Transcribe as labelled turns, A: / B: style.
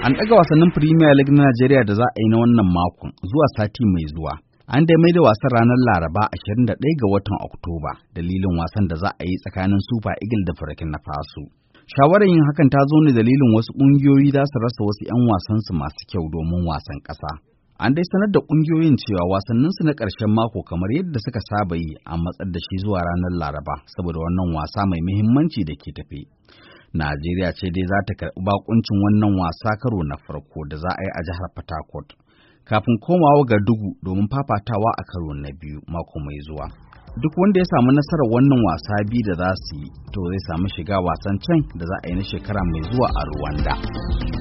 A: An ɗaga wasannin Premier League na Najeriya da za a yi na wannan makon zuwa sati mai zuwa. An dai mai da wasan ranar Laraba 21 ga watan Oktoba dalilin wasan da za a yi tsakanin Super Eagles da na Faso. Shawarar yin hakan ta zo ne dalilin wasu ƙungiyoyi za su rasa wasu 'yan wasansu masu kyau domin wasan ƙasa. An dai sanar da ƙungiyoyin cewa wasanninsu na ƙarshen mako kamar yadda suka saba yi a matsar da shi zuwa ranar Laraba saboda wannan wasa mai muhimmanci da ke tafe. Najeriya ce dai za ta karɓi bakuncin wannan wasa karo na farko da za a yi a jihar Fatakot. Kafin komawa ga dugu domin fafatawa a karo na biyu mako mai zuwa. Duk wanda ya samu nasarar wannan wasa biyu da za su yi, to zai samu shiga wasan can da za a yi na shekara mai zuwa a Rwanda.